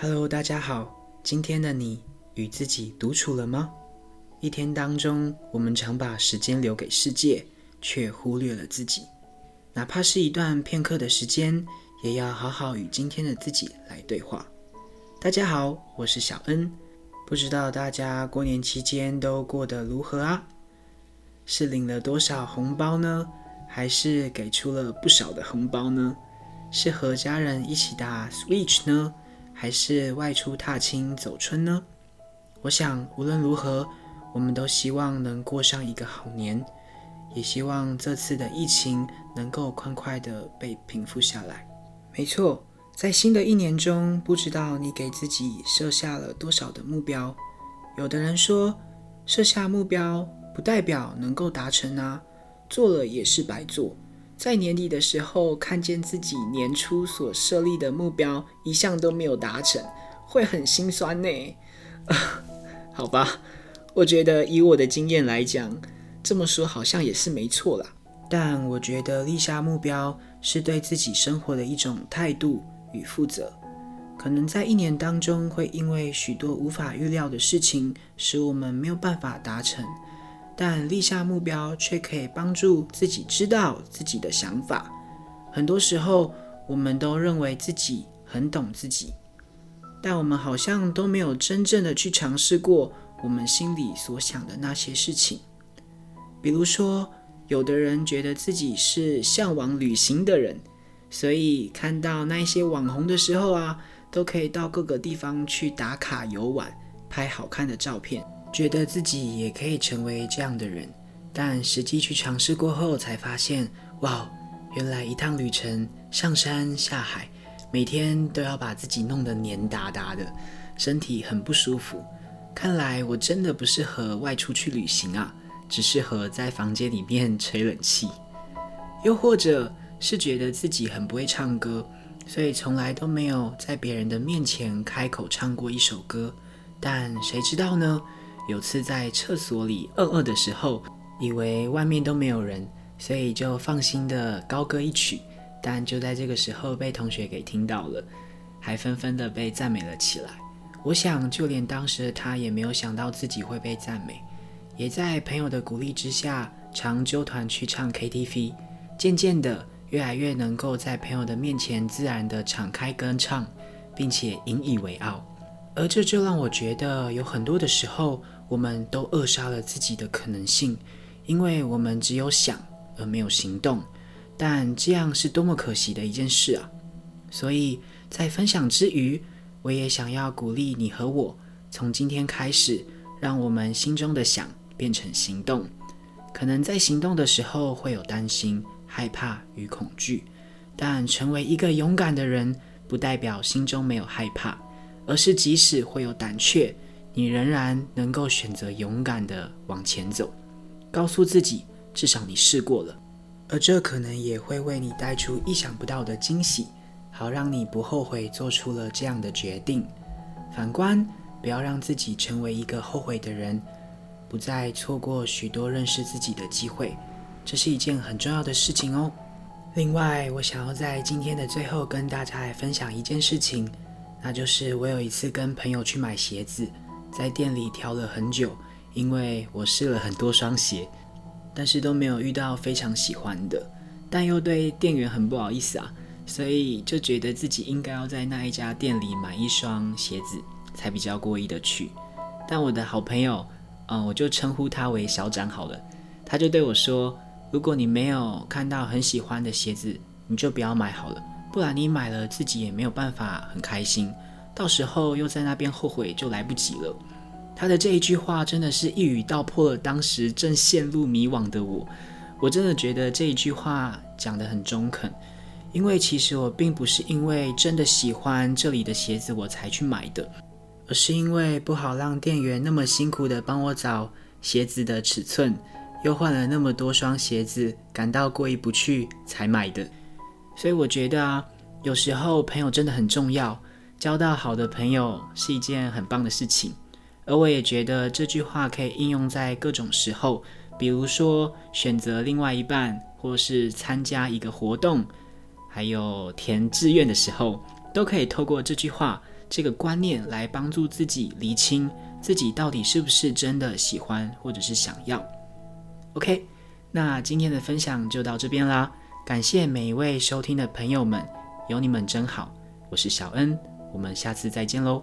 Hello，大家好。今天的你與自己獨處了嗎？一天當中，我們常把時間留給世界，卻忽略了自己。哪怕是一段片刻的時間，也要好好與今天的自己來對話。大家好，我是小恩。不知道大家過年期間都過得如何啊？是領了多少紅包呢？還是給出了不少的紅包呢？是和家人一起打 Switch 呢？還是外出踏青走春呢？我想，無論如何，我們都希望能過上一個好年，也希望這次的疫情能夠快快地被平復下來。沒錯，在新的一年中，不知道你給自己設下了多少的目標。有的人說，設下目標不代表能夠達成啊，做了也是白做。在年底的時候，看見自己年初所設立的目標一向都沒有達成，會很心酸呢。 好吧，我覺得以我的經驗來講，這麼說好像也是沒錯啦。但我覺得立下目標是對自己生活的一種態度與負責，可能在一年當中會因為許多無法預料的事情，使我們沒有辦法達成。但立下目標，卻可以幫助自己知道自己的想法。很多時候，我們都認為自己很懂自己，但我們好像都沒有真正的去嘗試過我們心裡所想的那些事情。比如說，有的人覺得自己是嚮往旅行的人，所以看到那些網紅的時候啊，都可以到各個地方去打卡遊玩，拍好看的照片。覺得自己也可以成為這樣的人，但實際去嘗試過後才發現，哇，原來一趟旅程上山下海，每天都要把自己弄得黏噠噠的，身體很不舒服。看來我真的不適合外出去旅行啊，只適合在房間裡面吹冷氣。又或者是覺得自己很不會唱歌，所以從來都沒有在別人的面前開口唱過一首歌。但誰知道呢？有次在廁所裡餓餓的時候，以為外面都沒有人，所以就放心的高歌一曲。但就在這個時候被同學給聽到了，還紛紛的被讚美了起來。我想，就連當時的他也沒有想到自己會被讚美，也在朋友的鼓勵之下，常揪團去唱 KTV。漸漸的，越來越能夠在朋友的面前自然的敞開歌唱，並且引以為傲。而這就讓我覺得，有很多的時候，我們都扼殺了自己的可能性，因為我們只有想，而沒有行動。但這樣是多麼可惜的一件事啊！所以，在分享之餘，我也想要鼓勵你和我，從今天開始，讓我們心中的想變成行動。可能在行動的時候會有擔心、害怕與恐懼，但成為一個勇敢的人，不代表心中沒有害怕。而是，即使會有膽怯，你仍然能夠選擇勇敢地往前走，告訴自己，至少你試過了，而這可能也會為你帶出意想不到的驚喜，好讓你不後悔做出了這樣的決定。反觀，不要讓自己成為一個後悔的人，不再錯過許多認識自己的機會，這是一件很重要的事情哦。另外，我想要在今天的最後跟大家來分享一件事情。那就是我有一次跟朋友去買鞋子，在店裡挑了很久，因為我試了很多雙鞋，但是都沒有遇到非常喜歡的，但又對店員很不好意思啊，所以就覺得自己應該要在那一家店裡買一雙鞋子才比較過意得去。但我的好朋友，嗯，我就稱呼他為小展好了，他就對我說：“如果你沒有看到很喜歡的鞋子，你就不要買好了。”不然你買了自己也沒有辦法很開心，到時候又在那邊後悔就來不及了。他的這一句話真的是一語道破了當時正陷入迷惘的我，我真的覺得這一句話講得很中肯，因為其實我並不是因為真的喜歡這裡的鞋子我才去買的，而是因為不好讓店員那麼辛苦的幫我找鞋子的尺寸，又換了那麼多雙鞋子，感到過意不去才買的。所以我覺得啊，有時候朋友真的很重要，交到好的朋友是一件很棒的事情。而我也覺得這句話可以應用在各種時候，比如說選擇另外一半，或是參加一個活動，還有填志願的時候，都可以透過這句話這個觀念來幫助自己釐清自己到底是不是真的喜歡或者是想要。OK，那今天的分享就到這邊啦。感謝每一位收聽的朋友們，有你們真好。我是小恩，我們下次再見嘍。